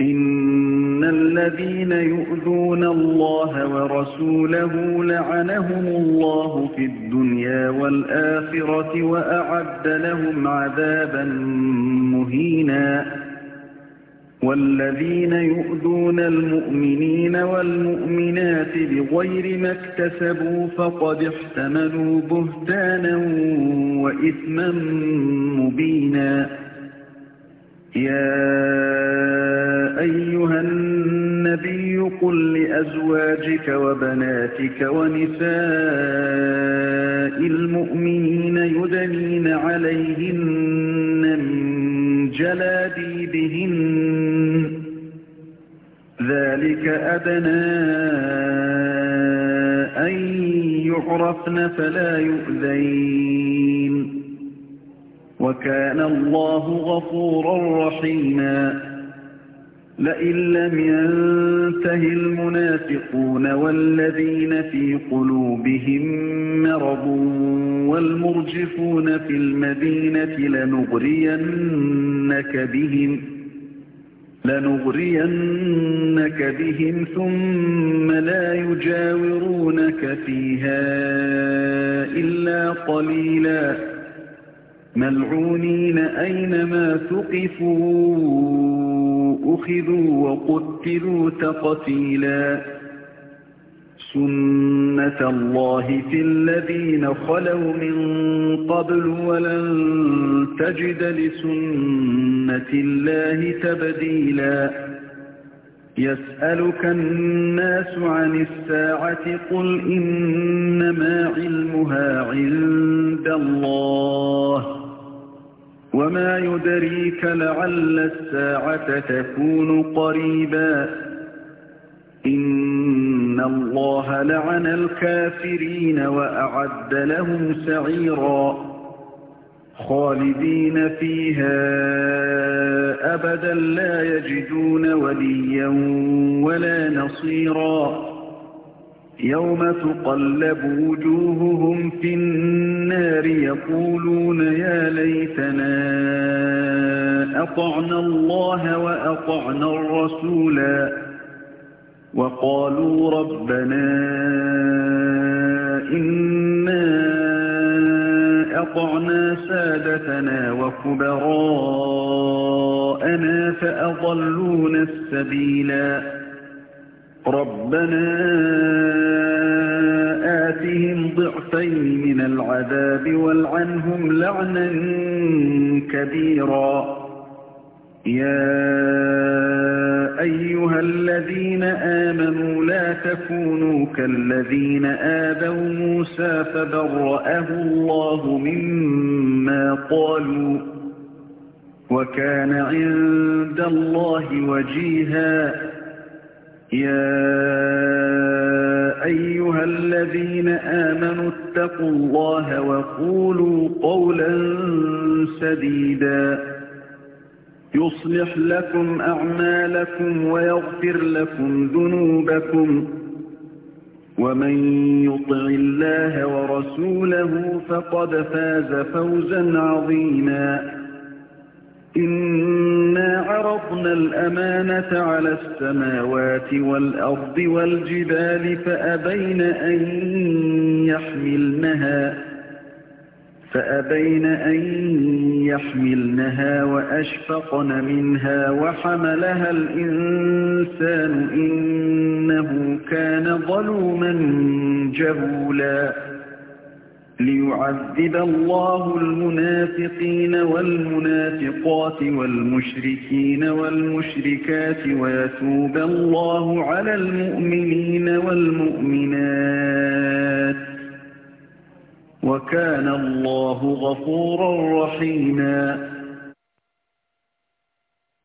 إن الذين يؤذون الله ورسوله لعنهم الله في الدنيا والآخرة وأعد لهم عذابا مهينا والذين يؤذون المؤمنين والمؤمنات بغير ما اكتسبوا فقد احتملوا بهتانا وإثما مبينا يا النبي قل لأزواجك وبناتك ونساء المؤمنين يدنين عليهن من جلابيبهن ذلك أدنى أن يعرفن فلا يؤذين وكان الله غفورا رحيما لئن لم ينته المنافقون والذين في قلوبهم مرض والمرجفون في المدينة لنغرينك بهم لنغرينك بهم ثم لا يجاورونك فيها إلا قليلا ملعونين أينما ثقفون أخذوا وقتلوا تقتيلا سنة الله في الذين خلوا من قبل ولن تجد لسنة الله تبديلا يسألك الناس عن الساعة قل إنما علمها عند الله وما يدريك لعل الساعة تكون قريبا إن الله لعن الكافرين وأعد لهم سعيرا خالدين فيها أبدا لا يجدون وليا ولا نصيرا يوم تقلب وجوههم في النار يقولون يا ليتنا أطعنا الله وأطعنا الرسولا وقالوا ربنا إنا أطعنا سادتنا وكبراءنا فأضلون السبيلا ربنا آتهم ضعفين من العذاب والعنهم لعنا كبيرا يا أيها الذين آمنوا لا تكونوا كالذين آذوا موسى فبرأه الله مما قالوا وكان عند الله وجيها يا أيها الذين آمنوا اتقوا الله وقولوا قولا سديداً يصلح لكم أعمالكم ويغفر لكم ذنوبكم ومن يطع الله ورسوله فقد فاز فوزا عظيما إنا عرضنا الأمانة على السماوات والأرض والجبال فأبين أن يحملنها فأبين أن يحملنها وأشفقن منها وحملها الإنسان إنه كان ظلوما جهولا ليعذب الله المنافقين والمنافقات والمشركين والمشركات ويتوب الله على المؤمنين والمؤمنات وَكَانَ اللَّهُ غَفُورًا رَّحِيمًا